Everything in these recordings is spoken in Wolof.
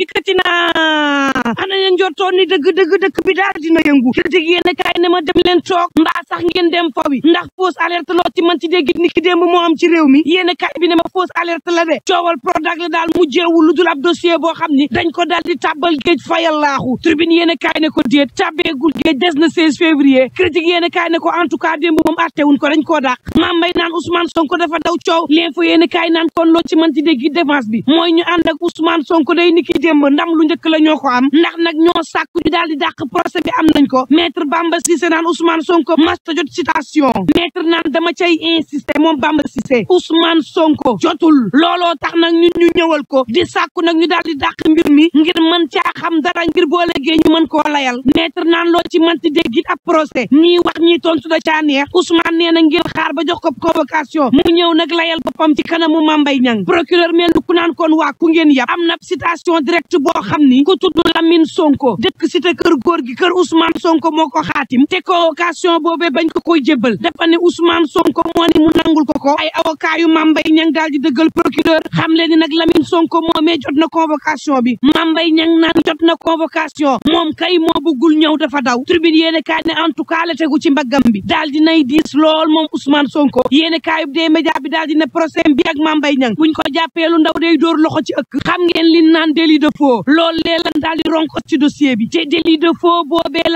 yëkkati naa nañu njortoon ni dëgg dëgg dëkk bi daal dina yëngu critique yéen kaay ne ma dem leen toog mbaa sax ngeen dem fa wi ndax fausse alerte loo ci mën ci dégg ni ki démb ci réew mi yéen bi ne ma fausse alerte la de coowal Prodac la daal mujjeewul lu dul ab dossier boo xam ni dañ ko daal di tàbbal géej fayal laaxu tribune yéen kaay ne ko déet tàbbeegul géej des na 16 février critique yéen kaay ne ko en tout cas démb moom attewuñ ko dañ koo dàq maam may naan Ousmane son dafa daw coow l'info yéen kaay naan kon loo ci mën ci dégg défense bi mooy ñu ànd ak Ousmane Sonko day ni ki démb ndam lu njëkk la ñoo ko am nag ñoo sàkku ñu daal di dàq procès bi am nañ ko maître Bamba Cissé naan Ousmane Sonko masta jot citation maître naan dama cay insister moom Bamba Cissé son Sonko jotul looloo tax nag ñun ñu ñëwal ko di sàkku nag ñu daal di dàq mbir mi ngir man caa xam dara ngir boo léegee ñu man ko layal maître naan loo ci mënti dégg it ab procès ñii wax ñii tontu da caa neex Ousmane nee na ngir xaar ba jox ko convocation mu ñëw nag layal boppam ci kanamu Mambay Niang procureur mel ku ku ngeen yàpp am na citation directe boo xam ni ku Sonko dëkk cité kër góor gi kër Ousmane Sonko moo ko xaatim te convocation boobee bañ ko koy jébbal dafa ne Ousmane Sonko moo ni mu ko ay avocat yu Mame Mbaye Niang daal di dëggal procureur xam leen ni nag Lamine Sonko moomee jot na convocation bi Mame Mbaye Niang naan jot na convocation moom kay moo bëggul ñëw dafa daw tribune yéene kaay en tout cas la tegu ci mbaggam bi daal di nay diis lool moom Ousmane Sonko yéene kaayub média bi daal di ne procès bi ak Mame Mbaye Niang buñ ko jàppee lu ndaw day dóor loxo ci ëkk xam ngeen li naan délit de faux loolu lee lan daal di ci dossier bi te délit de faux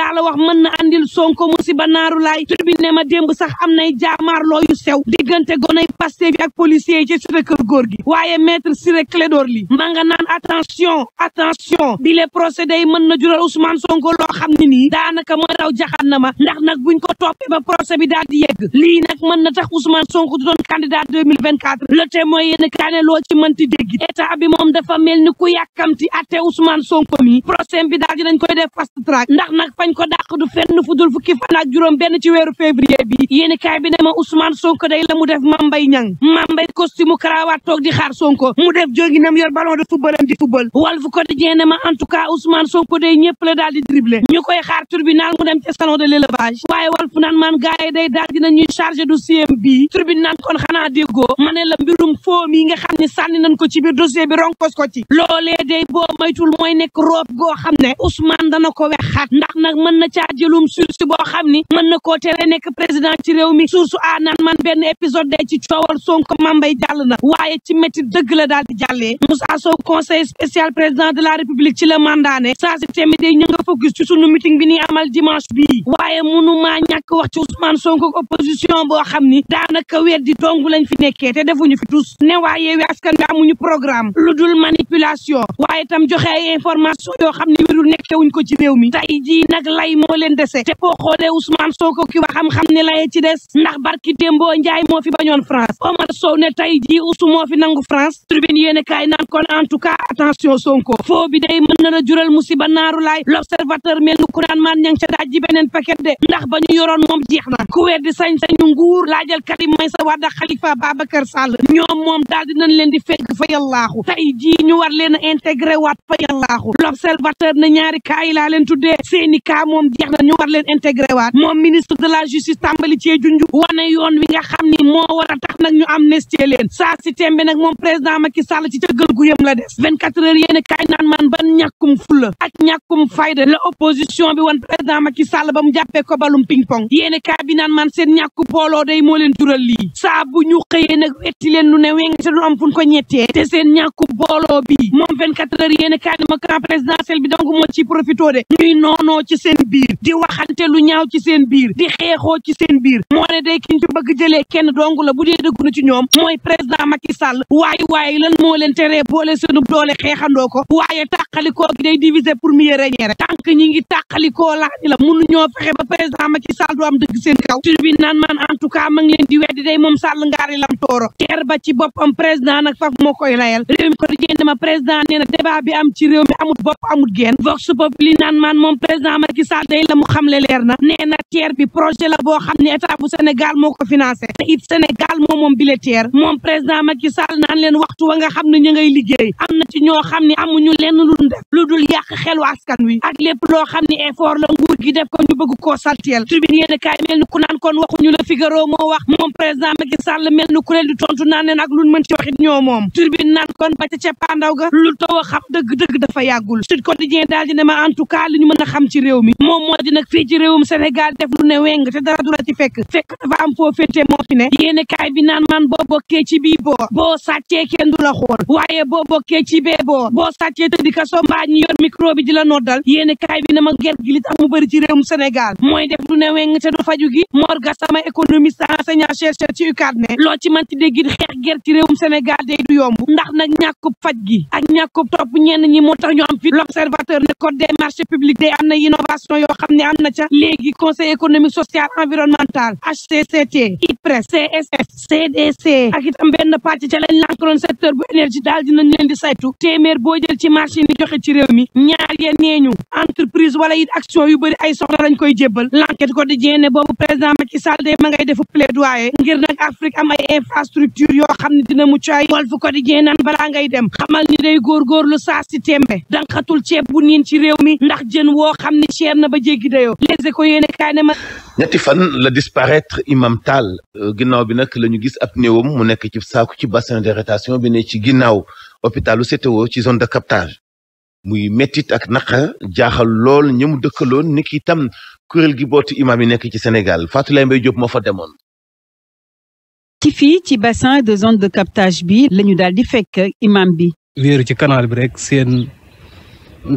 la wax mën na andil Sonko musiba naaru laay tribune ne ma démb sax am nay jaamaarloo yu gonay Pastef yi ak policiers yi ci Cité Keur Gorgui waaye maître Ciré Clédor Ly ma nga naan attention attention bi les procédés yi mën na jural Ousmane Sonko loo xam ne nii daanaka mooy raw jaxaan na ma ndax nag buñ ko toppee ba procès bi daal di yegg nag mën na tax Ousmane Sonko du doon candidat 2024 le témoin yéen a kaane loo ci mënti dégg état bi moom dafa mel ni ku yàkkamti atte Ousmane Sonko mi procès bi daal dinañ koy def fast ndax nag fañ ko Mambay Ñang Mambay costume cravate toog di xaar Sonko mu def jóginam yor ballon de football am di football Walf Quotidien ne ma en tout cas Ousmane Sonko day ñëpp la daal di dribblé ñu koy xaar tribunal mu dem ci salon de l'élevage waaye Walf naan maan gars yi day dina ñuy chargé du bi tribunal kon xanaa déggoo ma mbirum foom nga xam ne sànni nañ ko ci biir dossier bi ronkos ko ci loolee day boo maytul mooy nekk roob goo ne Ousmane dana ko wexaat ndax nag na caa jëlum ni mën na koo tere nekk ci réew mi sursu a naan man benn ci coowal Sonko Mame Mbaye jàll na waaye ci métti dëgg la daal di jàllee Moussa Sow conseil spécial président de la république ci la mandaane saa si temi day ñu nga focus ci sunu meeting bi ni amal dimanche bii waaye mënumaa ñàkk wax ci Ousmane Sonko opposition boo xam ni daanaka weer di dong lañ fi nekkee te defuñu fi tus ne waaye Yewwi Askan Wi amuñu programme lu dul manipulation waaye tam joxe ay information yoo xam ne wérul nekkewuñ ko ci réew mi tey jii nag lay moo leen dese te boo xoolee Ousmane bañoon France Omar Sow ne tey jii usu moo fi nangu France tribune yéene kaay naan kon en fa yallaaxu a intégré waat l'observateur ne ñaari kaa laa leen tuddee seeni kaa jeex na ñu war leen intégré waat moom ministre de la justice tàmbali junju wane yoon wi nga xam ni moom moo war a tax nag ñu amnistie leen saa si tembe nag moom président Macky Sall ci cëggal gu yëm la des vingt quatre heures yéen naan man ban ñàkkum fulla ak ñàkkum fayda la opposition bi wan président Macky Sall ba mu jàppee ko balum ping pong bi naan man seen ñàkku booloo day moo leen jural lii saa bu ñu xëyee nag wetti leen lu ne weng te am fu ko ñettee te seen ñàkku booloo bi moom vingt quatre ma camp présidentiel bi donc moo ci profito de ñuy noonoo ci dëggu la bu dee dëggu na ci ñoom mooy président Macky Sall waaye waaye lan moo leen teree boole seenu doole xeexandoo ko waaye tàqalikoo gi day diviser pour mieux régner ñi ngi tàqalikoo laa la mënu ñoo fexe ba président Macky Sall du am dëgg seen kaw tur bi naan man en tout cas ma ngi leen di weddi day moom Sall ngaari lam tooro ba ci boppam président nag faf moo koy layal réew mi ko dijeen ma président nee na bi am ci réew mi amut bopp amut la mu xamle leer na Sénégal moom moom moom président Macky Sall naan leen waxtu wa nga xam ne ñu liggéey am na ci ñoo xam ne amuñu lenn lu dul yàq xelu askan wi ak lépp loo xam ne effort la nguur gi def ko ñu bëgg koo salteel tribune yéen kaay mel ni ku naan kon waxuñu la Figaro moo wax moom président Macky Sall mel ni kuréel di tontu naan leen ak luñ mën ci waxit ñoo moom tribune naan kon ba ca cappaandaw ga lu taw a xam dëgg-dëgg dafa yàggul Sud Quotidien di ne ma a yéene kaay bi naan man boo bokkee ci bii boor boo sàccee kenn du la xool waaye boo bokkee ci bee boor boo sàccee tëddi kaso mbaa ñu yor micro bi di la noddal yéene kaay bi na ma ger gi li tax mu bëri ci réewum Sénégal mooy def lu ne weng te du faju gi Mor Gassama économiste enseignant chercheur ci UCAD ne loo ci man déggit xeex ger ci réewum Sénégal day du yomb ndax nag ñàkkub faj gi ak ñàkkub topp ñenn ñi moo tax ñu am fi l'observateur ne code des marchés publics CDC ak itam benn pàcc ca lañ lànkaloon secteur bu énergie daal dinañ leen di saytu téeméer boo ci marché ni joxe ci réew mi ñaar ya neeñu entre entreprise wala it action yu bëri ay soxla lañ koy jébbal l'enquête quotidien ne boobu président Macky Sall day ma ngay def plaidoyer ngir nag Afrique am infrastructure yoo xam ne dina mucc ay Walf Quotidien nan balaa ngay dem xamal ni day góorgóorlu saa si tembe danxatul ceeb bu niin ci réew mi ndax jën woo xam ne cher na ba jéggi dayoo Les Échos yéene kaay ne ma ñetti fan la disparaître Imam Tall ginnaaw bi nag la ñu gis ab néewam mu nekk ci saaku ci bassin de rétention bi ne ci ginnaaw hôpitalu CTO ci zone de captage muy mettit ak naqa jaaxal lool ñi mu dëkkaloon ni ki itam kuréel gi booti imaam bi nekk ci Sénégal Faatulaay ba job moo fa demoon ci fii ci bassin de zone de kaptage bi lañu daal di fekk imam bi wéeru ci canal bi rek seen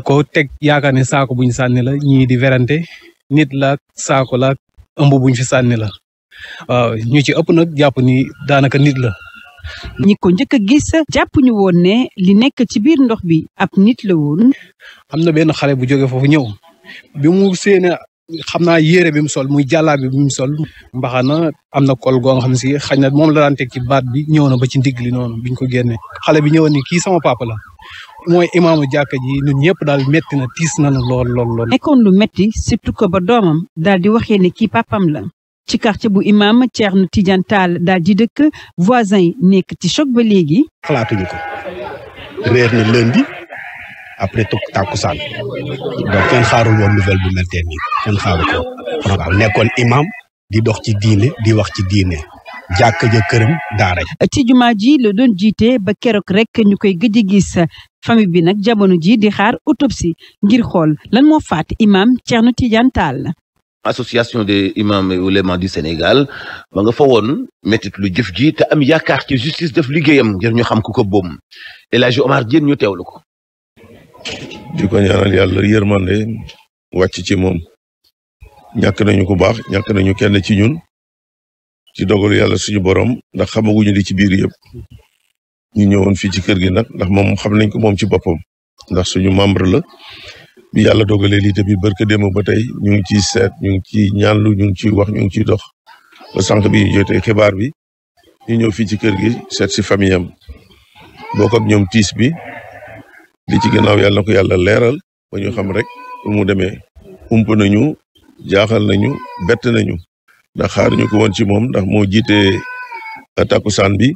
ko teg yaakaar ne saako buñ sànni la ñii di werante nit la saako la ëmb buñ fi sànni la waaw ñu ci ëpp nag jàpp ni daanaka nit la ñi ko njëkk a gis jàpp ñu woon ne li nekk ci biir ndox bi ab nit la woon. am na benn xale bu jóge foofu ñëw bi mu séenee xam naa yére bi mu sol muy jàllaabi bi mu sol mbaxana am na kol goo nga xam si xañ na moom la daan teg ci baat bi ñëw na ba ci ndigli noonu biñ ko génnee xale bi ñëwoon ni kii sama papa la mooy imaamu jàkka ji ñun ñëpp daal metti na tiis na lool lool nekkoon lu metti surtout ko ba doomam daal di waxee ne kii papam la ci quartier bu imam Thierno Tidiane Tall daal di dëkk voisin yi nekk ci choc ba léegi. xalaatuñu ko réer na lundi après tukk tàkkusaan donc kenn xaarul woon nouvelle bu mel nii kenn xaaru ko nekkoon imam di dox ci diine di wax ci diine. jàkka ja këram daara ci jumaa ji la doon jiite ba keroog rek ñu koy gëj a gis famille bi nag jamono ji di xaar autopsie ngir xool lan moo faat imam Thierno Tidiane association des imams et oulémas du Sénégal nga fa woon méttit lu jef ji te am yaakaar ci justice def liggéeyam ngir ñu xam ku ko boom El Hadji ñu teewlu ko di ko ñaanal yàlla wàcc ci moom ñàkk nañu ku baax ñàkk nañu kenn ci ñun ci dogalu yàlla suñu borom ndax xamaguñu li ci biir yëpp ñu ñëwoon fii ci kër gi nag ndax moom xam nañ ko moom ci boppam ndax suñu membre la bi yàlla dogalee lii tamit barke démb ba tey ñu ngi ciy seet ñu ngi ciy ñaanlu ñu ngi ciy wax ñu ngi ciy dox ba sànq bi ñu jotee xibaar bi ñu ñëw fii ci kër gi seet si famille am bokk ak ñoom tiis bi di ci gannaaw yàlla na ko yàlla leeral ba ñu xam rek pour mu demee ump nañu jaaxal nañu bett nañu ndax xaar ñu ko woon ci moom ndax moo jiitee jiite takkusaan bi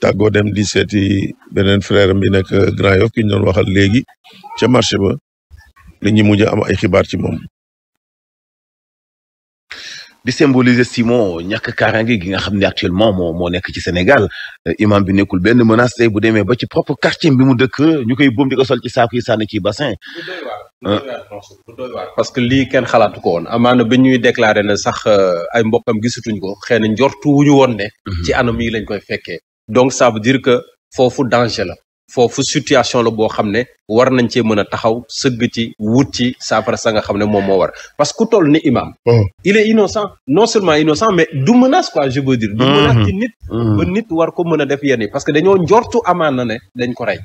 tàggoo dem di seeti beneen frère bi nekk Grand Yoff ki ñu doon waxal léegi ca marché ba la ñuy mujj am ay xibaar ci moom. di symboliser Simon gi nga xam ne actuellement moo moo nekk ci senegal euh, imam bi nekkul benn menace tey bu demee ba ci propre quartier bi mu dëkk ñu koy boom di ko sol ci saaku yi sànni ci bassin. parce que lii kenn xalaatu ko woon amaana bi ñuy déclaré ne sax euh, ay mbokkam gisatuñ ko xëy na njortu wu woon ne. Mhm. ci anam mi lañ koy fekkee. donc ça veut que foofu danger la. foofu situation la boo xam ne war nañ cee mën a taxaw sëgg ci wut ci saafara sa nga xam ne moom moo war parce que ku toll ni imam oh. il est innocent non seulement innocent mais du menace quoi je veux dire du mm-hmm. menace ci nit mm-hmm. ba nit war ko mën a def yenn yi parce que dañoo njortu amaan na ne dañ ko rey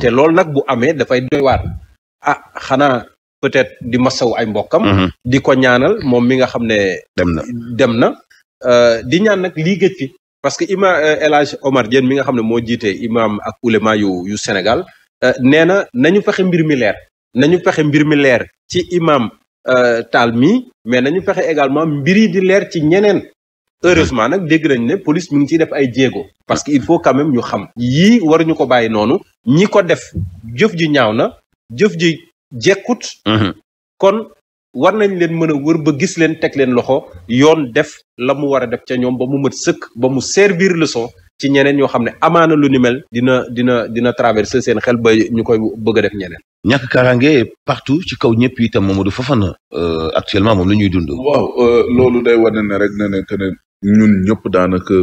te loolu nag bu amee dafay doy waar ah xanaa peut-être di masawu ay mbokkam mm-hmm. di ko ñaanal moom mi nga xam ne dem na dem na euh, di ñaan nag lii fi parce que ima euh, El Hadj Omar Diène mi nga xam ne moo jiite imam ak ulema yu yu Sénégal euh, nee na nañu fexe mbir mi leer nañu fexe mbir mi leer ci imam euh, taal mi mais nañu fexe également mbir yi di leer ci ñeneen heureusement nag dégg nañ ne police mi ngi ciy def ay jéego parce que il faut quand même ñu xam yii ñu ko bàyyi noonu ñi ko def jëf ji ñaaw na jëf ji jekkut mhm. kon war nañ leen mën a wër ba gis leen teg leen loxo yoon def la mu war a def ca ñoom ba mu mët sëkk ba mu servir leçon ci ñeneen ñoo xam ne amaana lu ni mel dina dina dina traverser seen xel ba ñu koy bëgg a def ñeneen. ñàkk nge partout ci kaw ñëpp itam Mamadou Fofana euh, actuellement mom la ñuy dund. waaw euh, loolu day wane ne rek na ne que ne ñun ñëpp daanaka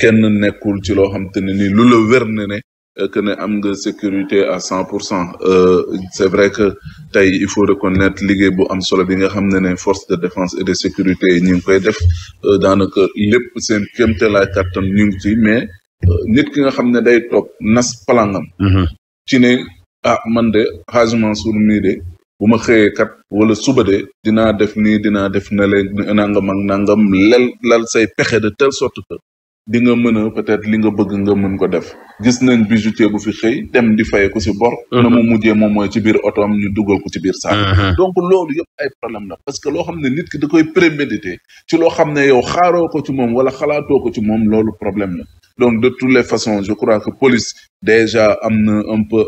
kenn nekkul ci loo xam te ne nii lu la wér ne ne Euh, que ne am nga sécurité à cent pour cent euh, c'est vrai que tey il faut reconnaître liggéey bu am solo bi nga xam ne ne force de défense et de sécurité yi ñu ngi koy def euh, daanaka lépp seen kéemtalaay kàttan ñu ngi ci mais nit ki nga xam ne day toog nas palangam mm-hmm. ci ne ah man de Hadj Mansour mii de bu ma xëyee kat wala suba de dinaa def ni dinaa def na le nangam ak nangam lel lal say pexe de tel sorte que di nga mën a peut-être li nga bëgg nga mën ko def gis nañ bijoutier bu fi xëy dem di fay ko si bor mhm. na mu mujjee moom mooy ci biir otoom ñu dugal ko ci biir saak mhm. donc loolu yëpp ay problème la parce que loo xam ne nit ki da koy prémédité ci loo xam ne yow xaaroo ko ci moom wala xalaatoo ko ci moom loolu problème la donc de toutes les façons je crois que police déjà am na un peu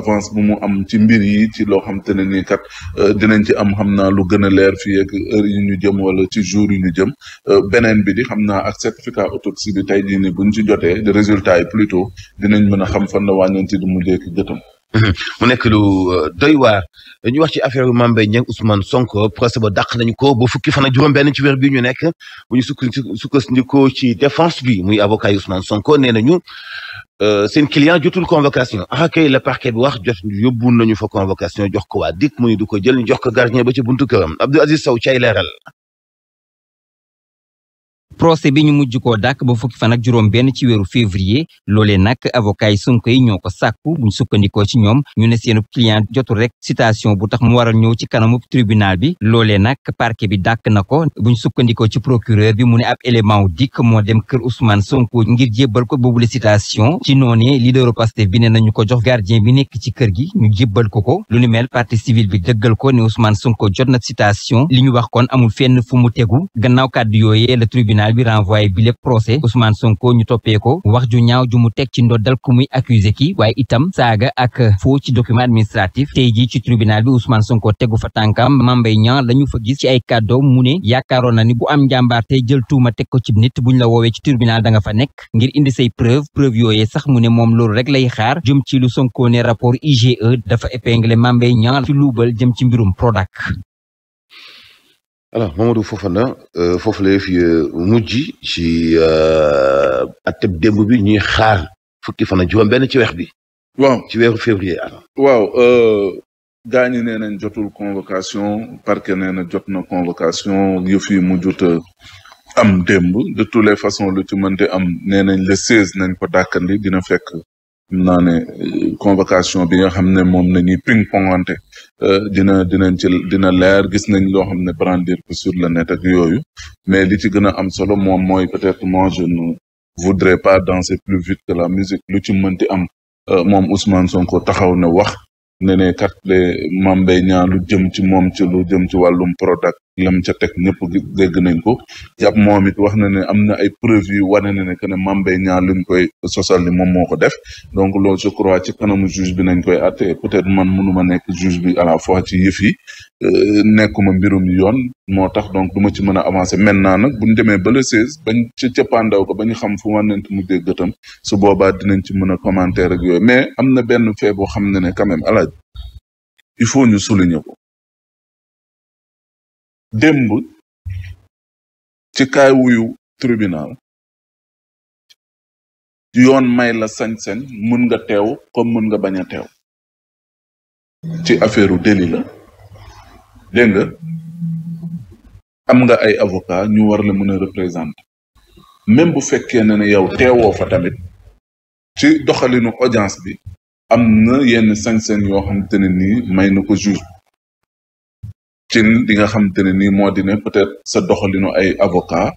avance bu mu am ci mbir yi ci loo xam te ne nii kat euh, dinañ ci am xam naa lu gën a leer fii ak heure yi ñu jëm wala ci jour yi ñu jëm euh, beneen bi di xam naa ak certificat autopsie bi tey jii nii buñ ci jotee de résultat yi plutôt dinañ mën a xam fan la wàññeenti di mu jékki gëtam Mhm. mu nekk lu euh, doy waar ñu wax ci affaire yu Mame Mbaye Niang Ousmane Sonko procès ba dàq nañu ko ba fukki fan ak juróom-benn ci weer bii ñu nekk bu ñu sukkandiku ci défense bi muy avocat yi Ousmane Sonko nee nañu euh, seen client jotul convocation ah kay la parquet bi wax jot yóbbu nañu fa convocation jox ko waa DIC du ko jël ñu jox ko gardien ba ci buntu këram Abdou Aziz Sow cay leeral. procès bi ñu mujj koo dàkk ba fukki fan ak juróom benn ci weeru février loolee nag avocat yi Sonko yi ñoo ko sàkku ñu sukkandikoo ci ñoom ñu ne seen client jotul rek citation bu tax mu waral ñëw ci kanamu tribunal bi loolee nag parke bi dàkk na ko bu ñu sukkandikoo ci procureur bi mu ne ab élément dikk moo dem kër Ousmane Sonko ngir jébbal ko boobule citation ci noonee leaderu Pastef bi ne nañu ko jox gardien bi nekk ci kër gi ñu jébbal ko ko lu ni mel partie bi dëggal ko ne Ousmane Sonko jot na citation li ñu wax kon amul fenn fu mu tegu gannaaw tribunal bi renvoyé bi lépp procès Ousmane Sonko ñu toppee ko wax ju ñaaw ju mu teg ci ndoddal ku muy accusé ki waaye itam saaga ak faux ci document administratif tey jii ci tribunal bi son Sonko tegu fa tànkam Mame Mbaye Niang la fa gis ci ay kàddoom mu ne yaakaaroon na ni bu am te jël tuuma teg ko ci nit buñ la woowee ci tribunal da nga fa nekk ngir indi say preuve preuve yooyee sax mu ne moom loolu rek lay xaar jëm ci lu Sonko ne rapport IGE dafa épinglé Mame Mbaye Niang ci luubal jëm ci alors Mamadou Fofana euh, foofu la fi euh, mujj ci euh, atteb démb bi ñuy xaar fukki fan ak juróom benn ci weex bi. waaw ci weeru février alors. waaw gars ñi nee nañ jotul convocation parquet nee na jot na convocation yëf yi mujjut am démb de toutes les façons lu ci mënte am nee nañ le 16 nañ ko dàkkandi dina fekk. naa ne convocation bi nga xam ne moom nañuy ping pongante Euh, dina dinañ ci dina leer gis nañ loo xam ne brandir ko sur le net ak yooyu mais li ci gën a am solo moom mooy peut-être moi je ne voudrais pas danser plus vite que la musique lu ci mënti am euh, moom Ousmane Sonko taxaw na wax ne ne kat Mame Mbaye Niang lu jëm ci moom ci lu jëm ci wàllum Prodac lam ca teg ñëpp dégg nañ ko jàpp moom it wax na ne am na ay preuve yu wane ne ne que ne Mame Mbaye Niang luñ koy sosal ni moom moo ko def donc loolu je crois ci kanamu juge bi nañ koy àtte peut-être man mënuma nekk juge bi ala la fois ci yëf yi Euh, nekkuma mbirum yoon moo tax donc du ma ci mën a avancer maintenant nag bu ñu demee ba le 16 bañ ca cëppaandaw ko ba ñu xam fu wànnent mujjee gëtam su boobaa dinañ ci mën a commentaire ak yooyu am na benn fait xam ne ne quand alaaj il ñu souligner ko démb ci kaay wuyu tribunal yoon may la sañ-sañ mën nga teew comme mën nga bañ a teew ci affaire u la dégg nga am nga ay avocat ñu war la mën a représenter même bu fekkee ne ne yow teewoo fa tamit ci doxalinu audience bi am na yenn sañ-sañ yoo xamante ne nii may na ko juge ci li nga xamante ne nii moo di ne peut sa doxalinu ay avocat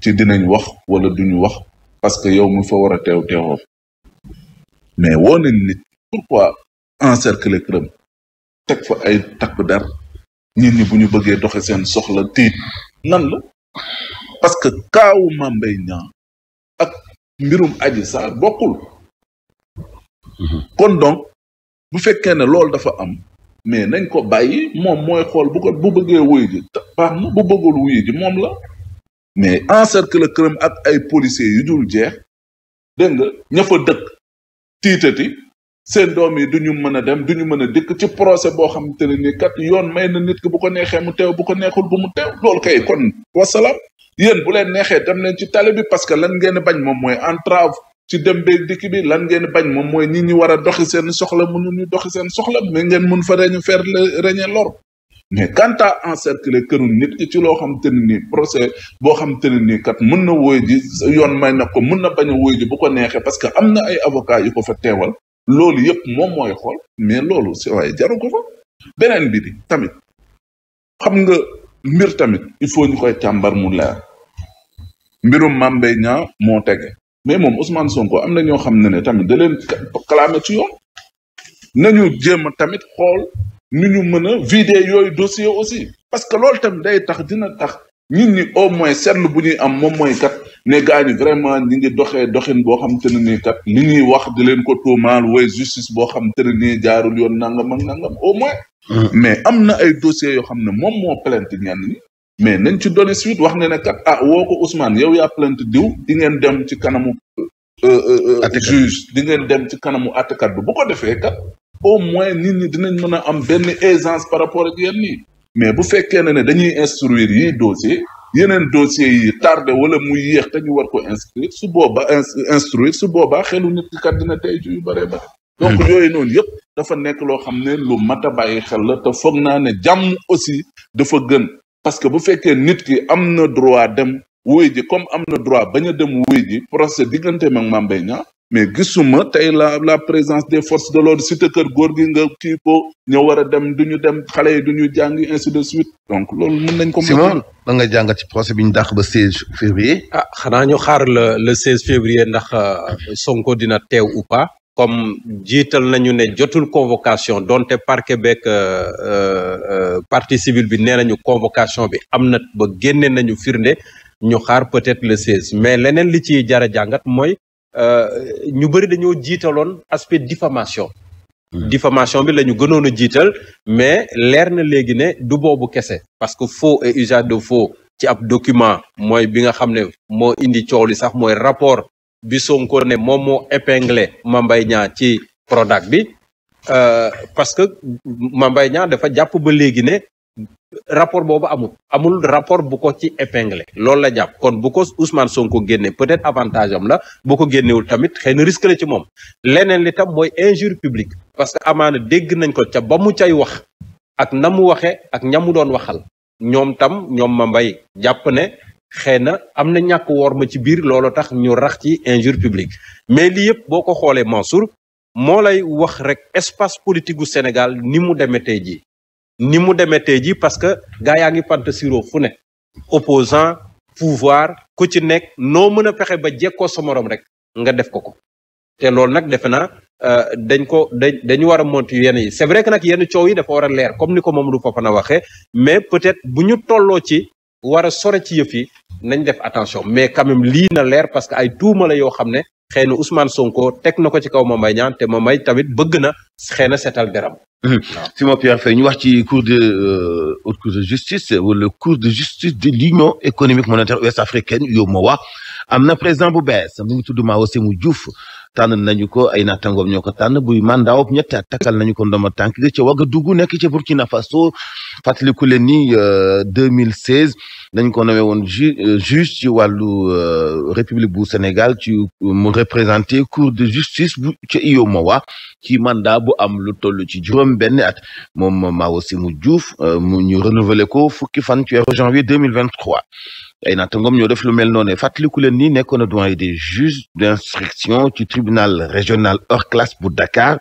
ci dinañ wax wala duñu wax parce que yow mu fa war a teew teewoo mais woo nañ nit pourquoi encercler këram teg fa ay takk dar nit ñi bu ñu bëggee doxe seen soxla tiit nan la parce que kaawu Mame Mbaye ak mbirum Adji Sarr bokkul mhm. kon donc bu fekkee ne loolu dafa am mais nañ ko bàyyi moom mooy xool bu ko bu bëggee wuyu ji baax na bu bëggul wuyu ji moom la mais encercle këram ak ay policiers yu dul jeex dégg nga ña fa dëkk tiitati seen doom yi du ñu mën a dem du ñu mën a dikk ci procès boo xamante ne nii kat yoon may na nit ki bu ko neexee mu teew bu ko neexul bu mu teew loolu kay kon wasalaam yéen bu leen neexee dem leen ci tali bi parce que lan ngeen bañ moom mooy entrave ci dem beeg dikk bi lan ngeen bañ moom mooy nit ñi war a doxi seen soxla mënuñu doxi seen soxla mais ngeen mun fa reñu faire le reñe mais quant à encercler këru nit ki ci loo xamante ne nii procès boo xamante ne nii kat mun na wóoy ji yoon may na ko mun na bañ a ji bu ko neexee parce que am na ay avocat yu ko fa teewal loolu yëpp moom mooy xool mais loolu si waaye jaru ko fa beneen bi di tamit xam nga mbir tamit il faut ñu koy càmbar mu leer mbirum Mame Mbaye Niang moo tege mais moom Ousmane Sonko am na ñoo xam ne ne tamit da leen clamé ci yoon nañu jéem a tamit xool ni ñu mën a vider yooyu dossier aussi parce que loolu tamit day tax dina tax niit ñi au moins seetlu bu ñuy am moom mooy kat ne gaañu vraiment ñi ngi doxee doxin bo xam te ne nii kat li ñuy wax di leen ko tuumaal way justice boo xam te ne nii jaarul yoon nangam ak nangam au moins. Mm. mais am na ay dossiers yoo xam ne moom moo plainte ñenn ñi mais nañ ci donné suite wax ne na kat ah woo ko Ousmane yow yaa plainte diw di ngeen dem ci kanamu. Euh, euh, euh, juge di ngeen dem ci kanamu àttekat bi bu ko defee kat au moins nit ñi dinañ mën a am benn aisance par rapport ak yéen nii mais bu fekkee na ne dañuy instruire yi dossier yeneen dossier yi tardé wala mu yéex te ñu war ko inscrire su boobaa instruire su boobaa xelu nit ki kat dina tey ci yu bëree bëri donc hmm. yooyu noonu yëpp dafa nekk loo xam ne lu mat a bàyyi xel la te foog naa ne jàmm aussi dafa gën parce que bu fekkee nit ki am na droit dem wuy ji comme am na droit bañ a dem wuy ji procès diggante ak Mame Mbaye Niang mais gisuma tey la la présence des forces de l'ordre si te kër góor gi nga kii ko ña war a dem du ñu dem xale yi du ñu jàngi ainsi de suite donc loolu mën nañ ko. Simon da nga jàngat ci procès bi ñu dàq ba 16 février. ah xanaa ñu xaar le le 16 février ndax euh, Sonko dina teew ou pas comme jiital nañu ne jotul convocation donte parquet beeg euh, euh, partie civile bi nee nañu convocation bi am na ba génne nañu firnde. ñu xaar peut-être le 16 mais leneen li ci jara jàngat mooy euh, ñu bëri dañoo jiitaloon aspect diffamation hmm. diffamation bi la ñu gënoon a jiital mais leer na léegi ne du boobu kese parce que faux et usage de faux ci ab document mooy bi nga xam ne moo indi coow li sax mooy rapport bi Sonko ne moom moo épinglé Mame Mbaye Niang ci Prodac bi euh, parce que Mame Mbaye dafa jàpp ba léegi ne rapport boobu amul amul rapport bu ko ci épinglé loolu la jàpp kon bu ko Ousmane Sonko génne peut-être avantage am la bu ko génnewul tamit xëy na risque la ci moom leneen li tam mooy injure publique parce que amaana dégg nañ ko ca ba mu cay wax ak na mu waxee ak mu doon waxal ñoom tam ñoom ma mbay jàpp ne xëy na am na ñàkk woor ma ci biir loolu tax ñu rax ci injure publique mais lii yëpp boo ko xoolee Mansour moo lay wax rek espace politique gu Sénégal ni mu demee tey jii ni mu demee tey ji parce que gaa yaa ngi pant siro fu ne opposant pouvoir ku ci nekk noo mën a fexe ba jekkoo sa morom rek nga def ko ko te loolu nag defe naa euh, dañ ko dañ dañu war a monter yenn yi c'est vrai que nag yenn coow yi dafa war a leer comme ni ko Mamadou Fofana waxee mais peut-être bu ñu tolloo ci war a sore ci yëf yi nañ def attention mais quand même lii na leer parce que ay tuuma la yoo xam ne xëy na Ousmane Sonko teg na ko ci kaw Mame Mbaye Niang te Mame Mbaye tamit bëgg na xëy na seetal deram. Simon Pierre Faye ñu wax ci cour de euh, haute cour de justice euh, wala cour de justice de l'union économique monétaire ouest africaine UEMOA am na président bu bees mu ngi tudd Mao Sémou Diouf tànn nañu ko ay naataangoom ñoo ko tànn buy mandat wu ñetti at takkal nañu ko ndooma tànk ga ca Ouagadougou nekk ca Burkina Faso fàttaliku leen ni 2016. Euh, dañ ko nommé woon ju euh, juge ci wàllu euh, république bu Sénégal ci euh, mu représenté cour de justice bu ca Yomowa ci mandat bu am lu toll ci juróom benn at moom Mawo Sémou Diouf mu ñu renouveler ko fukki fan ci weeru janvier deux mille vingt trois ay nattangom ñoo def lu mel noonu fàttaliku leen ni nekkoon na doyen des juges d'instruction ci tribunal régional hors classe bu Dakar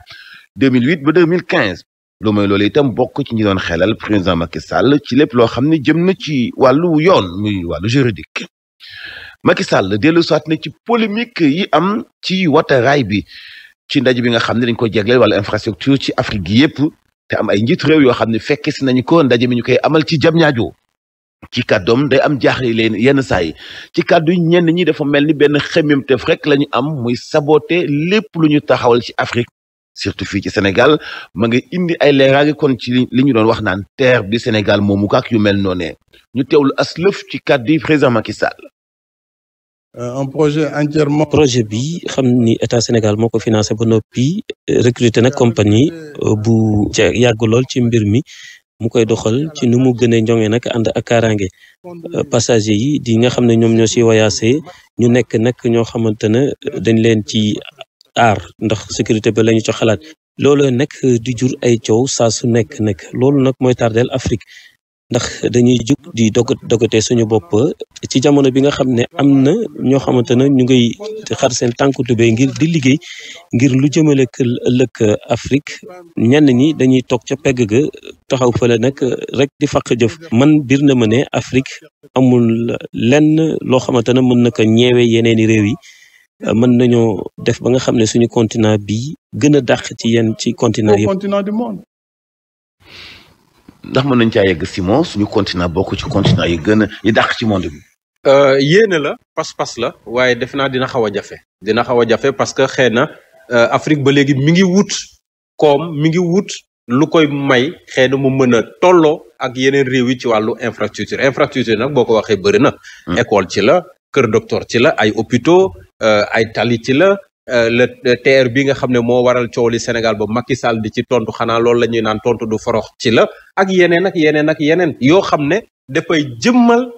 2008 ba 2015 lu mooy loolu itam bokk ci ñi doon xelal président makisal Sall ci lépp loo xam ne jëm na ci wàllu yoon muy wàllu juridique makisal Sall dellu soit na ci polémique yi am ci wateraay bi ci ndaje bi nga xam ne dañ ko jegleel wàllu infrastructure ci Afrique yépp te am ay njiit réew yoo xam ne fekke si nañ ko ndaje mi ñu koy amal ci jam ñaajo ci kàddoom day am jaaxle leen yenn saa yi ci kàddu ñenn ñi dafa mel ni benn xemmemteef rek lañu am muy saboter lépp lu ñu taxawal ci Afrique surtout fii ci senegal ma indi ay leeraange kon ci li ñu doon wax naan terre bi Sénégal moomu kaak yu mel noonee ñu teewlu aslëf ci kàddu yi président Macky Sall. Euh, projet entièrement. xam ni état Sénégal moo ko financé ba noppi recruter nag compagnie euh, bu ca yàgg lool ci mbir mi. mu koy doxal ci nu mu gën a jonge nag ànd ak kaaraange euh, passager yi di nga xam ne ñoom ñoo si voyagé ñu nekk nag ñoo xamante ne dañ leen ci aar ndax sécurité bi lañu ci xalaat loolu nag di jur ay coow saa su nekk nekk loolu nag mooy tardeel Afrique ndax dañuy jug di dog dogatee suñu bopp ci jamono bi nga xam ne am na ñoo xamante ne ñu ngay xar seen tànku tubéy ngir di liggéey ngir lu jëmale ëllëg Afrique ñenn ñi dañuy toog ca pegg ga taxaw fële nag rek di faq jëf man biir na ma ne Afrique amul lenn loo xamante ne mën na ko ñeewe yeneeni réew yi mën nañoo def ba nga xam ne suñu continent bii gën a dàq ci yenn ci continent yëpp continent du monde. ndax mën nañ caa yegg Simon suñu continent bokk ci continent yi gën a yi dàq ci monde bi. Euh, yéene la pas-pas la waaye defe naa dina xaw a jafe. dina xaw a jafe parce que xëy na euh, Afrique ba léegi mi ngi wut koom mi ngi wut lu koy may xëy na mu mën a tolloo ak yeneen réew yi ci wàllu infrastructure infrastructure nag boo ko waxee bëri na. Hmm. école ci la kër docteur ci la ay hôpitaux. Euh, ay tali ci la euh, le TER bi nga xam ne moo waral coow li Sénégal ba Macky Sall di ci tontu xanaa loolu la ñuy naan tontu du forox ci la ak yeneen ak yeneen ak yeneen yoo xam ne dafay jëmmal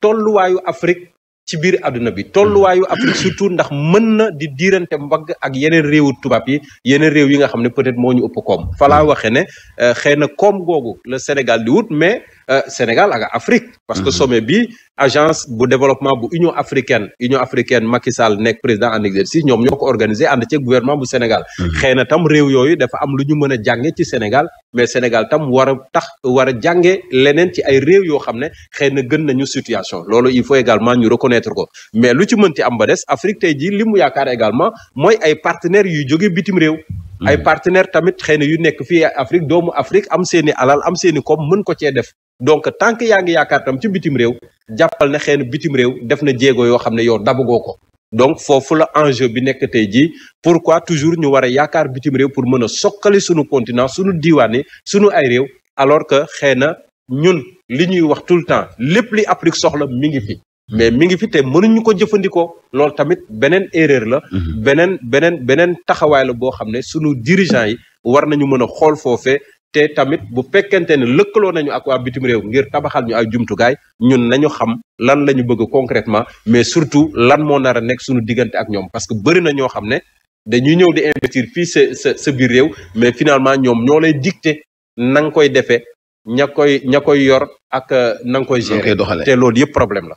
tolluwaayu Afrique ci biir àdduna bi tolluwaayu Afrique surtout ndax mën na di diirante mbagg ak yeneen réewu tubaab yi yeneen réew yi nga xam ne peut-être moo ñu ëpp koom falaa waxe ne euh, xëy na koom googu la Sénégal di wut mais Euh, Sénégal ak Afrique. parce que mhm. sommet bi agence bu développement bu Union africaine Union africaine Macky Sall nekk président en exercice ñoom ñoo ko organisé ànd ci gouvernement bu Sénégal. Mhm. xëy na tam réew yooyu dafa am lu ñu mën a jànge ci Sénégal mais Sénégal tam war a tax war a jànge leneen ci ay réew yoo xam ne xëy na gën nañu situation loolu il faut également ñu reconnaître ko mais lu ci mën ci am ba des Afrique tey jii li mu yaakaar également mooy ay partenaires yuy jóge bitim réew. ay hmm. partenaires tamit xëy na yu nekk fii Afrique doomu Afrique am seeni alal am seeni koom mën ko cee def donc tant que yaa ngi yaakaar tam ci bitim réew jàppal na xëy na bitim réew def na jéego yoo xam ne dabu goo ko donc foofu la enjeu bi nekk tey jii pourquoi toujours ñu war a yaakaar bitim réew pour mën a sokkali suñu continent sunu diwaan yi suñu ay réew alors que xëy na ñun li ñuy wax tout le temps lép li Afrique soxla mi ngi fi mais mi ngi fi te mënuñu ko jëfandikoo loolu tamit beneen erreur la. Mhm. beneen beneen beneen taxawaay la boo xam ne sunu dirigeant yi war nañu mën a xool foofe te tamit bu fekkente ne lëkkaloo nañu ak waa bitim réew ngir tabaxal ñu ay jumtukaay ñun nañu xam lan la ñu bëgg concrètement mais surtout lan moo nar a nekk sunu diggante ak ñoom parce que bëri na ñoo xam ne dañuy ñëw di investir fii sa sa sa biir réew mais finalement ñoom ñoo lay dicté na nga koy defee ña koy ña koy yor ak euh, na nga koy gérer te loolu yëpp problème la.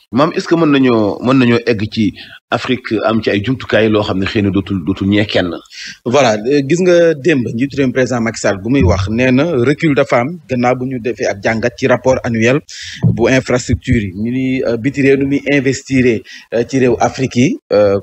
maam est-ce que mën nañoo mën nañoo egg ci Afrique am ci ay jumtukaay loo xam ne xëy na dootul dootul ñee kenn. voilà euh, gis nga démb njiitu réew président Macky Sall bu muy wax nee na recul dafa am gannaaw bu ñu defee ab jàngat ci rapport annuel bu infrastructure yi ñu ni euh, biti réew nu muy investir euh, ci réew Afrique yi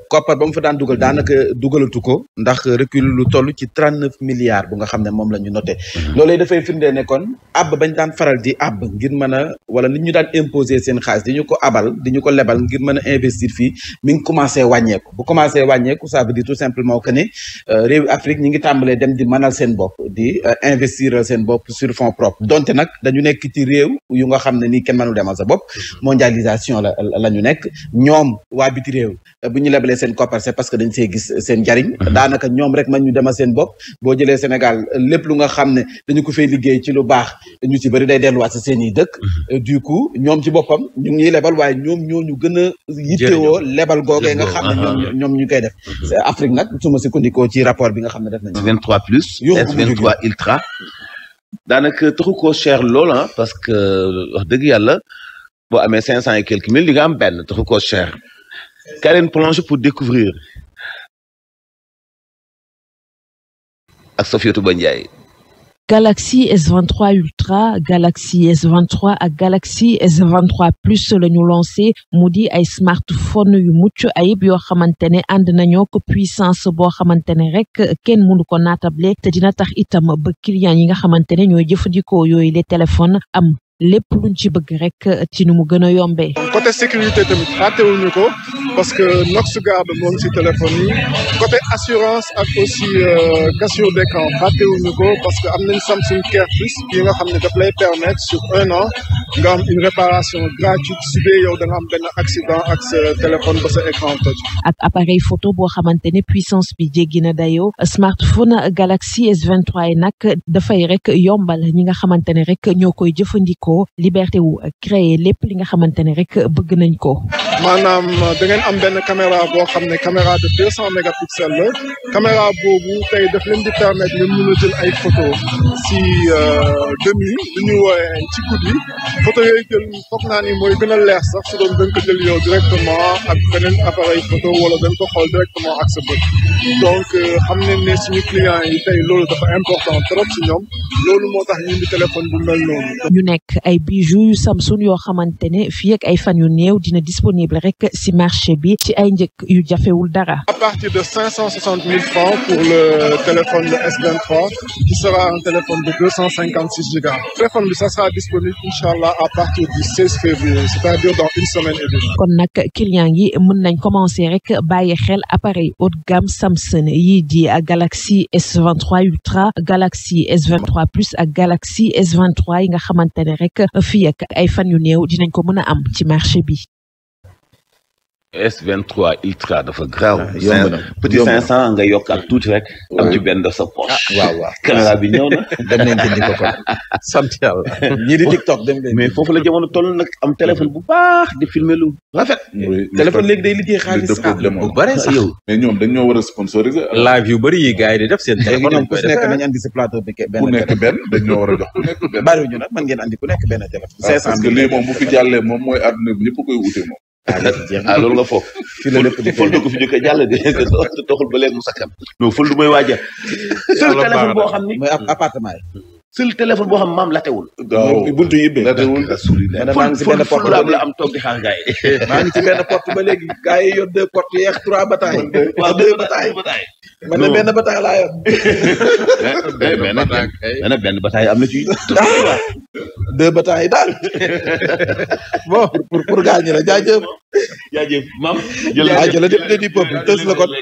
koppar ba mu fa daan dugal daanaka dugalatu ko ndax recul lu toll ci trente neuf milliards bu nga xam ne moom la ñu noté. defee mhm. dafay firndee ne kon ab bañ daan faral di ab ngir mën a wala nit ñu daan imposer seen xaalis di ñu ko abal. di ñu ko lebal ngir mën a investir fii mi ngi commencé wàññeeku bu commencé wàññeeku ça veut dire tout simplement que ne euh, réew Afrique ñi ngi tàmbalee dem di mënal seen bopp di euh, investir seen bopp sur fonds propres donte nag dañu nekk ci réew yu nga xam ne nii kenn manu demal sa bopp mondialisation la la ñu nekk ñoom waa biti réew bu ñu lebalee seen koppar c'est parce que dañ see gis seen njariñ daanaka ñoom rek man ñu demal seen bopp boo jëlee Sénégal lépp lu nga xam ne dañu ko fay liggéey ci lu baax ñu ci bëri day delluwaat sa seen i dëkk du ñoom ñoo ñu gën a yittewoo lebal googee nga xam ne ñoom ñu koy def Afrique nag su ma sukkandikoo ci rapport bi nga xam ne def nañu S23 plus S23 ultra daanaka taxu ko cher lool parce que wax dëgg yàlla boo amee cinq cent et quelques mille di nga am benn taxu koo cher kaay leen plonge pour découvrir ak Sofiatou Ba Ndiaye Galaxy S23 Ultra Galaxy S23 ak Galaxy s plus la ñu lancé mu di ay smartphone yu mucc ayib yoo xamante ne ànd nañoo ko puissance boo xamante ne rek kenn mënu ko naatable te dina tax itam ba client yi nga xamante ne ñooy jëfandikoo yooyu téléphone téléphones am lépp luñ ci bëgg rek euh, ci nu mu gën a yombe côté sécurité tamit fàttewuñu ko parce que NoxGuard moo ngi si téléphone yi assurance ak aussi euh, cassure d'écran fàttewuñu ko parce que am nañ Samsung Care Plus yi nga xam ne daf lay sur un an nga am une réparation gratuite su dee da nga am benn accident ak sa téléphone ba sa écran ak appareil photo boo xamante ne puissance bi jéggi na dayoo smartphone Galaxy S23 yi nag dafay rek yombal ñi nga xamante ne rek ñoo koy jëfandikoo. o liberté wu créer lépp li nga xamante ne rek bëgg nañ ko maanaam euh, da ngeen am benn caméra boo xam ne caméra de deux cent mégapixels la boobu tey daf leen di permettre ngeen mën a jël ay photo si de nuit lu ñu woowee ci guddi photo yooyu jël foog naa ni mooy gën a leer sax su doon dañ ko jël yow directement ak beneen appareil photo wala dañ ko xool directement ak sa bët donc euh, xam nañ ne suñu client yi tey loolu dafa important trop si ñoom loolu moo tax ñu indi téléphone bu mel noonu. ñu nekk ay bijoux yu Samsung yoo xamante ne fii ak ay fan yu rek si marché bi ci ay njëg yu jafewul dara. à partir de cinq cent francs pour le téléphone le S23 qui téléphone de deux sera disponible incha à partir du seize c'est-à-dire dans une semaine et demie. kon nag client yi mën nañ commencer rek bàyyi xel appareil haut de gamme Samsung yi di Galaxy S23 Ultra Galaxy S23 Plus ak Galaxy S23 yi nga xamante ne rek fii ak ay fan yu néew dinañ ko mën a am ci marché bi. S23 Ultra dafa grave. yomb na petit 500 nga yokk a tuuti rek. am ci benn sa poche. Ah, waaw waaw caméra bi ñëw na. dem nañ jëndi ko fa. sant mais foofu la jamono toll nag am téléphone bu baax di filmer lu téléphone léegi day liggéey xaalis ah, bare sax yow. mais ñoom dañ ñoo war a sponsoriser. live yu bëri di def am ku nekk ah. plateau bi benn ku nekk benn dañ ñoo war a jox ku nekk benn. bariwuñu nag mën ngeen andi ku nekk benn téléphone. 500 bi lii moom bu fi jàllee moom mooy àdduna bi ñëpp wute moom Ah, a ah, loolu nga foog fël ko fi jóge jàll de te toxul ba léegi mu sakkan du mooy waaja seul téléphone boo xam ni mooy appartement yi seul téléphone boo xam maam latewul buntu yibbee latewul maa ngi la am toog di xaar gars yi maa ngi porte ba léegi gars yi yor deux porte yeex trois bataille waaw deux bataille non man benn bataay laa benn benn bataay am na ci. deux bataay yi daal bon pour pour gaañ ñi la jaajëf. jaajëf maam. jërëjëf jërëjëf député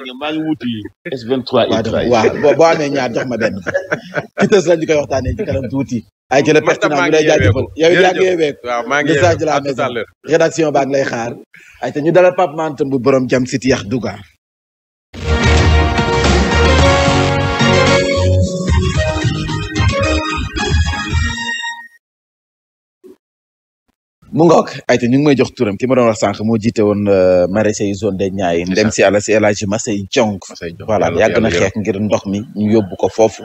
du maa ngi wuti S23. waaw boo amee ñaar jox ma benn ci tës la ñu e waxtaanee ci kanam tuuti. ay ci la pertinent lay jaajëfal yow yaa ngi yeeweeku waaw maa ngi yeeweeku la maison rédaction baa ngi lay xaar ay te ñu dalal Pape Matam bu borom jam siti yax duga mu ngoog ayte ñu ngi may jox turam ki ma doon wax sànq moo jiite woon euh, maraîchers yi zone des Niayes ndem si àlla si El Hadji Massey Diong voilà yàgg na xeex ngir ndox mi ñu yóbbu ko foofu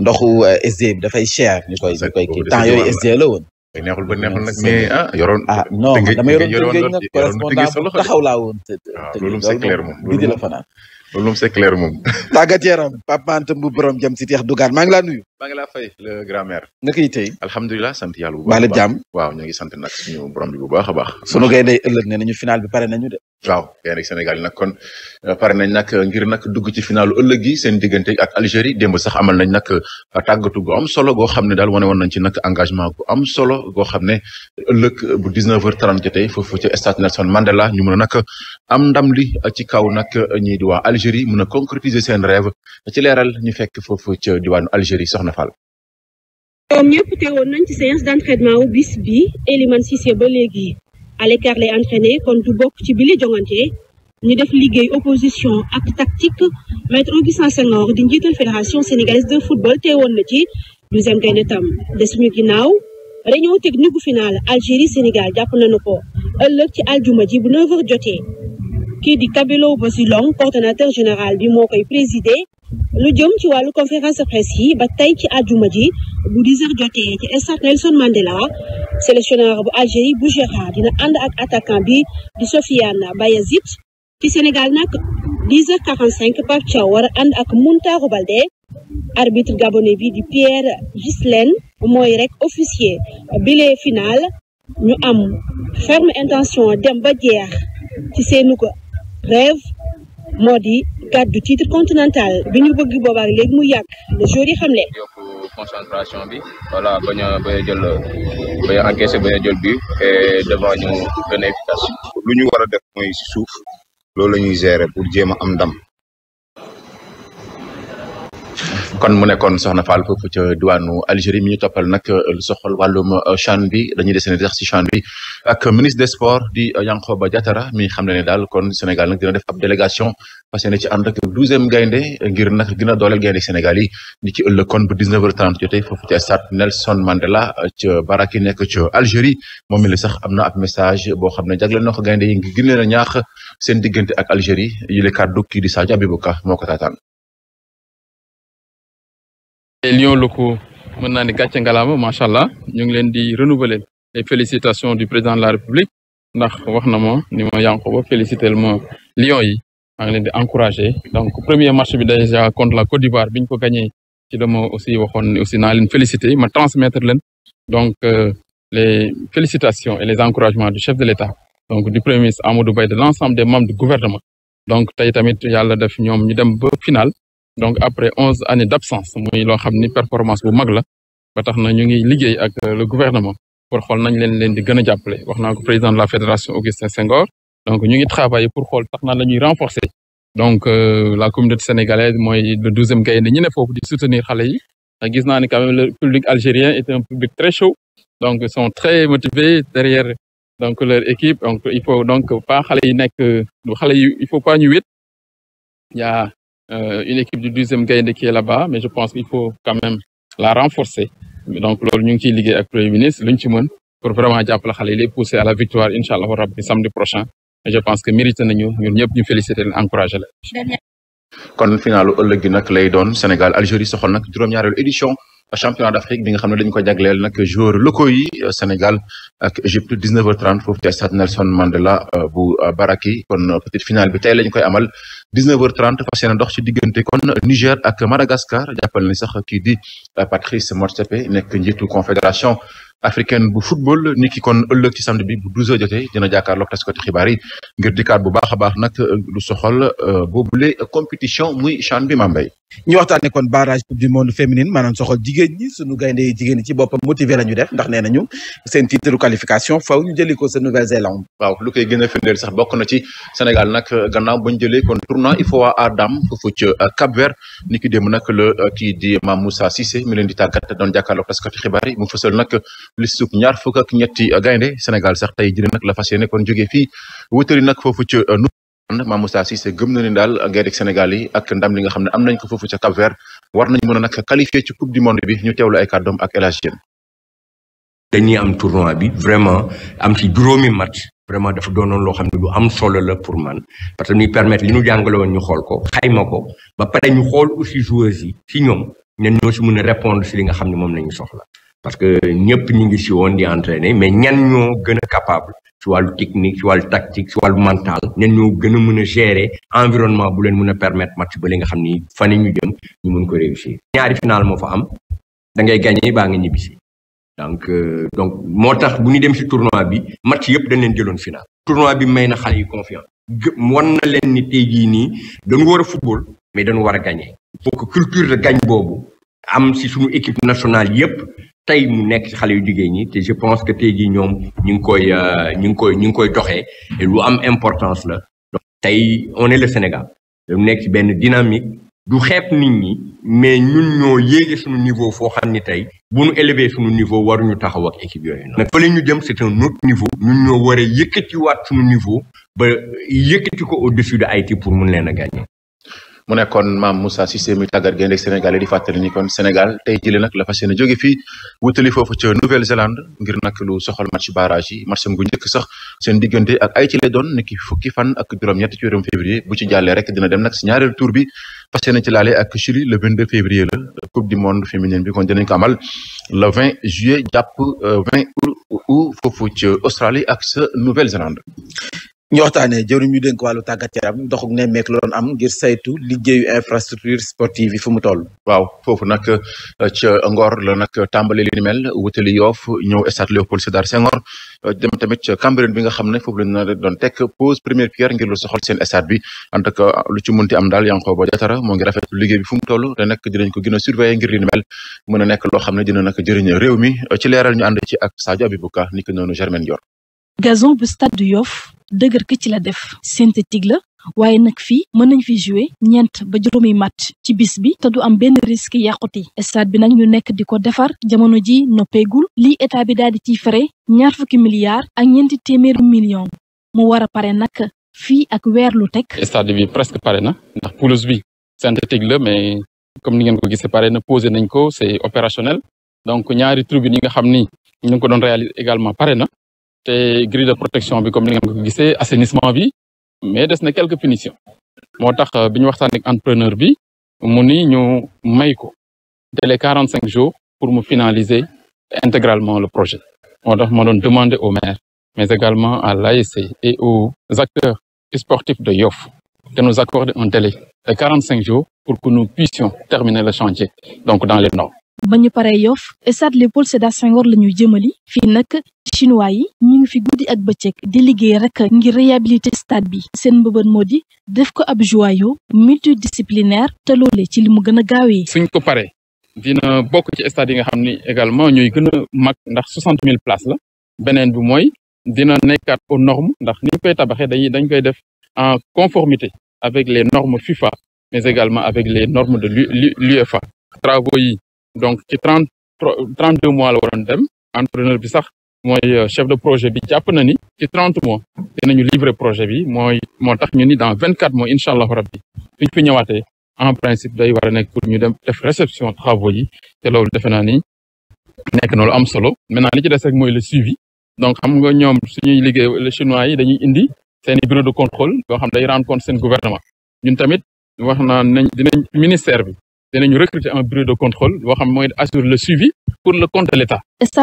ndoxu euh, SDE bi dafay cher ñu koy ñu kii temps yooyu SDE la woon neexul ba neexul nag mais ah yoroon ah non dama yoroon tëngeej nag correspondant bu taxaw laa woon ah, loolu moom c'est clair moom guddi la fanaan loolu moom c'est clair moom tàggat yaram Pape Mante Mbu jëm si teex dugaan maa ngi laa nuyu maa ngi laa fay le grand mère naka yi tey alhamdulilah sant yàlla bu baax baax la jàmm waaw ñoo ngi sant nag suñu borom bi bu a baax sunu gaynde ëllëg ne bi pare nañu de waaw gaynde Sénégal yi kon euh, pare na nag euh, ngir nag dugg ci finalu ëllëg gi seen diggante ak Algérie démb sax amal nañ nag euh, tagatu gu am solo goo xam ne daal wane woon nañ ci nag engagement gu am solo goo xam ne ëllëg bu 19 heures 30 jotee foofu ci stade Nelson Mandela ñu mën a nag am ndam li ci kaw nag ñii di waa Algérie mën a concrétiser seen rêve ci leeral fekk foofu ci diwaanu Algérie soxna Soxna Fall. ñoom ñëpp teewoon nañ ci séance d'entraînement wu bis bi Eliman Cissé ba léegi à l'écart lay entraîné kon du bokk ci bile jongante ñu def liggéey opposition ak tactique maître Augustin Senghor di njiital fédération sénégalaise de football woon na ci deuxième gaynde tam de suñu ginnaaw réunion technique gu finale Algérie Sénégal jàpp nañu ko ëllëg ci aljuma ji bu 9h jotee. kii di Kabilo Basilong coordonnateur général bi moo koy présider lu jëm ci wàllu conférence de yi ba tey ci àjjuma ji bu 10 heures jotee ci stade Nelson Mandela sélectionneur bu Algérie Bougera dina ànd ak attaquant bi di Sofiane Bayazit ci Sénégal nag 10 heures 45 Pape Thiaw war a ànd ak Muntaro Baldé arbitre gabonais bi di Pierre Ghislaine mooy rek officier bile final ñu am ferme intention dem ba jeex ci seenu ko rêve moo di gàddu titre continental bi ñu bëgg boobaak léegi mu yàgg le jour yi xam leen concentration bi voilà bañ a bañ a jël bañ a encaissé jël bi et devant ñu lu ñu war a def mooy si suuf loolu la ñuy gérer pour jéem a am dam kon mu nekkoon soxna Fall foofu ca diwaanu Algérie mi ñu toppal nag euh, lu soxal wàllum euh, CHAN bi dañuy desene sax si CHAN bi ak ministre des sports di euh, Yankhoba Diattara mi xam ne ne daal kon Sénégal nag dina def ab délégation parce que ne ci ànd ak douzième gaynde ngir nag gën a dooleel gaynde Sénégal yi ni ci ëllëg kon bu 19h30 jotee foofu ca stade Nelson Mandela Baraki nekk ca Algérie moom mi sax am na ab message boo xam ne jagleel na ko gaynde yi ngir gën a ñaax seen diggante ak Algérie yi le kàddu kii di Sadio Habibouka moo ko taataan les lions locaux mën naa ni gàcce ngalaama macha allah ñu ngi leen di renouveler les félicitations du président de la république ndax wax na ma ni ma Yankuba féliciter ma lions yi maa ngi leen di encourager donc premier match bi déjà contre la Côte d'Ivoire bi ñu ko gagné ci dama aussi waxoon aussi naa leen féliciter ma transmettre leen donc euh, les félicitations et les encouragements du chef de l'État donc du premier ministre Amadou Ba de l'ensemble des membres du gouvernement tey tamit yàlla def ñoom ñu dem ba final donc après onze années d' absence muy loo xam ni performance bu mag la ba tax na ñu ngi liggéey ak euh, le gouvernement pour xool nañ leen leen di gën a jàppale wax naa ko président de la fédération Augustin Senghor donc ñu ngi travailler pour xool tax na la ñuy renforcer donc euh, la communauté sénégalaise mooy le douzième gaynde ñu ne foofu di soutenir xale yi ah, gis naa ni quand même le public algérien est un public très chaud donc ils sont très motivés derrière donc leur équipe il faut donc pas xale yi nekk xale yi il faut euh, une équipe du deuxième Gaïndé qui est là-bas mais je pense qu'il faut quand même la renforcer donc loolu ñu ngi ciy liggéey ak premier ministre lu ci mën pour vraiment jàppale xale yi les pousser à la victoire incha allahu rabbi samedi prochain je pense que mérité nañu ñun ñëpp ñu féliciter leen encourager la kon finalu ëllëg gi nag lay doon Sénégal Algérie soxal nag juróom-ñaareelu édition. championnat d'Afrique bi nga xam ne dañu ko jagleel nag joueur locaux yi euh, Sénégal ak Égypte 19h30 foofu ci stade Nelson Mandela euh, bu euh, Baraki kon petite finale bi tey lañu koy amal 19h30 fas yéene dox ci diggante kon Niger ak Madagascar jàppal ni sax kii di Patrice Motsepe nekk njitu confédération africaine bu football ni ki kon ëllëg ci samedi bi bu 12h jotee dina jàkkaarloog taskati xibaar yi ngir dikkaat bu baax a baax nag lu soxal boobule compétition muy CHAN bi Mambay ñu waxtaanee kon barrage coupe du monde féminine maanaam soxal jigéen ñi sunu gaynde yi jigéen ñi ci boppam motivé la ñu def ndax nee nañu seen titre qualification faw ñu jëli ko sa Nouvelle-Zélande. waaw lu koy gën a firndeel sax bokk na ci Sénégal nag euh, gannaaw ba ñu jëlee kon tournoi IFOA à Dame foofu ci euh, Cap-Vert ni ki démb nag la euh, kii di Mame Moussa Cissé mi leen di tàggat doon jàkkaarloo taskati xibaar yi mu fësal nag listu ñaar fukk ak ñetti gaynde Sénégal sax tey jëlee nag la fas yéene kon jógee fii wutali nag foofu Mame Moussa Cissé gëm na ni daal gaynde Sénégal yi ak ndam li nga xam ne am nañ ko foofu ca Cap Vert war nañ mën a nag qualifié ci coupe du monde bi ñu teewlu ay kàddoom ak El Hadji am tournoi bi vraiment am ci juróomi mat vraiment dafa doonoon loo xam ne lu am solo la pour man parce que ñuy permettre li ñu jàngale ñu xool ko xayma ko ba pare ñu xool aussi joueurs yi ci ñoom ñen ñoo si mën a répondre si li nga xam ne moom la ñu soxla parce que ñëpp ñu ngi si woon di entraîner mais ñan ñoo gën a capable si wàllu technique si wàllu tactique si wàllu mantal ñan ñoo gën a mën a gérer environnement bu leen mën a permettre match ba li nga xam ni fan ñu jëm ñu mën ko réussir. ñaari final moo fa am da ngay gagné baa nga ñibbisi donc euh, donc moo tax bu ñu dem si tournoi bi match yëpp dañ leen jëloon final. tournoi bi may na xale yi confiance. wan na leen ni tey jii nii dañu war a football mais dañu war a gagné. il faut que culture boobu am si suñu équipe nationale yëpp. tey mu nekk ci xale yu jigéen ñi te je pense que tey jii ñoom ñu ngi koy euh, ñu ngi koy ñu ngi koy doxee et lu am importance la tey on est Sénégal mu nekk ci benn dynamique du xeep nit ñi mais ñun ñoo yéege suñu niveau foo xam ni tey bu ñu élevé suñu niveau waruñu taxaw ak équipe yooyu noonu. nag fële ñu jëm c'est un autre niveau ñun ñoo war a yëkkatiwaat suñu niveau ba yëkkati ko au-dessus de Haïti pour mun leen a gagner. mu nekkoon maam Moussa Cissé mi tàggat gaynde Sénégal yi di fàttali ni kon Sénégal tey jële nag la fas yéene jóge fii wutali foofu ca Nouvelle-Zélande ngir nag lu soxal match barrage yi match bu njëkk sax seen diggante ak ay ci lay doon ni ki fukki fan ak juróom-ñett ci weerum février bu ci jàllee rek dina dem nag si ñaareelu tour bi fas yéene ci laale ak Chili le 22 février la coupe du monde féminine bi kon dinañ ko amal le 20 juillet jàpp 20 euh, août ak sa Nouvelle-Zélande ñu waxtaanee jëwriñ ñu dénk wàllu tàggat yaram doxug ne meek loon am ngir saytu liggéeyu infrastructure sportive yi fu mu toll. waaw foofu nag euh, ca Ngor la nag tàmbale li ni mel wutali Yoff ñëw stade Léopold Sédar Senghor euh, dem tamit ca Cambérène bi nga xam ne foofu la ñu doon teg pose première pierre ngir lu soxal seen stade bi en lu ci mënti am daal Yankhoba Diattara moo ngi rafetlu liggéey bi fu mu toll te nag dinañ ko gën a surveiller ngir li mel a nekk loo xam ne dina nag jëriñ réew mi ci leeral ñu ànd ci ak Sadio Abibouka ni ko noonu Germaine Dior. gazon bu stade du Yoff dëgër këcc la def synthétique la waaye nag fii mën nañ fi jouer ñeent ba juróomi match ci bis bi te du am benn risque yàquti stade bi nag ñu nekk di ko defar jamono ji noppeegul lii état bi daal di ciy fere ñaar fukki milliards ak ñeenti téeméeru million mu war a pare nag fii ak weer lu teg. stade bi presque pare na ndax pelouse bi synthétique la mais comme ni ngeen ko gisee pare na posé nañ ko c'est opérationnel donc ñaari tribune yi nga xam ni ñu ngi ko doon réaliser également pare na. te grille de protection bi comme ni nga ko gisee assainissement bi mais des na quelques punitions moo tax euh, bi ñu waxtaan ak entrepreneur bi mu ni ñu may ko délai quarante cinq jours pour mu finaliser intégralement le projet moo tax moo doon demander au maire mais également à l'ASC et aux acteurs sportifs de Yoff de nous accorder un délai de quarante cinq jours pour que nous puissions terminer le chantier donc dans les normes. ba ñu paree Yoff stade Léopold Sédar Senghor la ñuy jëmali fii chinois yi ñu ngi fi guddi ak bëccëg di liggéey rek ngir réhabiliter stade bi seen mbëbën moo di def ko ab joyau multidisciplinaire te loolee ci li mu gën a gaawee. suñ ko paree dina bokk ci stade yi nga xam ni également ñooy gën a mag ndax soixante mille places la beneen bi mooy dina nekkaat aux normes ndax ni ñu koy tabaxee dañuy dañ koy def en conformité avec les normes FIFA mais également avec les normes de l'UEFA travaux yi donc ci trente trente mois la waroon dem entraîneur bi sax. mooy euh, chef de projet bi jàpp na ni ci trente mois dinañu livrer projet bi mooy moo tax ñu ni dans vingt quatre mois incha allahu rabbi suñ fi ñëwaatee en principe day war a nekk pour ñu dem def réception travaux yi te loolu defe naa ni nekk na lu am solo maintenant li ci des rek mooy le suivi donc xam nga ñoom suñuy liggéey les chinois yi dañuy indi seen i bureau de contrôle yoo xam day rendre compte seen gouvernement ñun tamit wax naa nañ dinañ ministère bi dinañu recruter un bureau de contrôle boo xam mooy assurer le suivi pour le compte de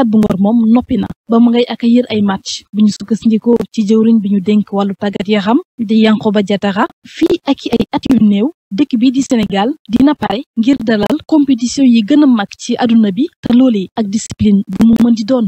bu Ngor moom noppi na ba mu ngay accueillir ay match bu ñu sukkandikoo ci jëwriñ bi ñu dénk wàllu tàggat yaram di ba Diattara fii ak i ay at yu néew dëkk bi di Sénégal dina pare ngir dalal compétition yi gën a mag ci àdduna bi te yi ak discipline bu mu mën di doon.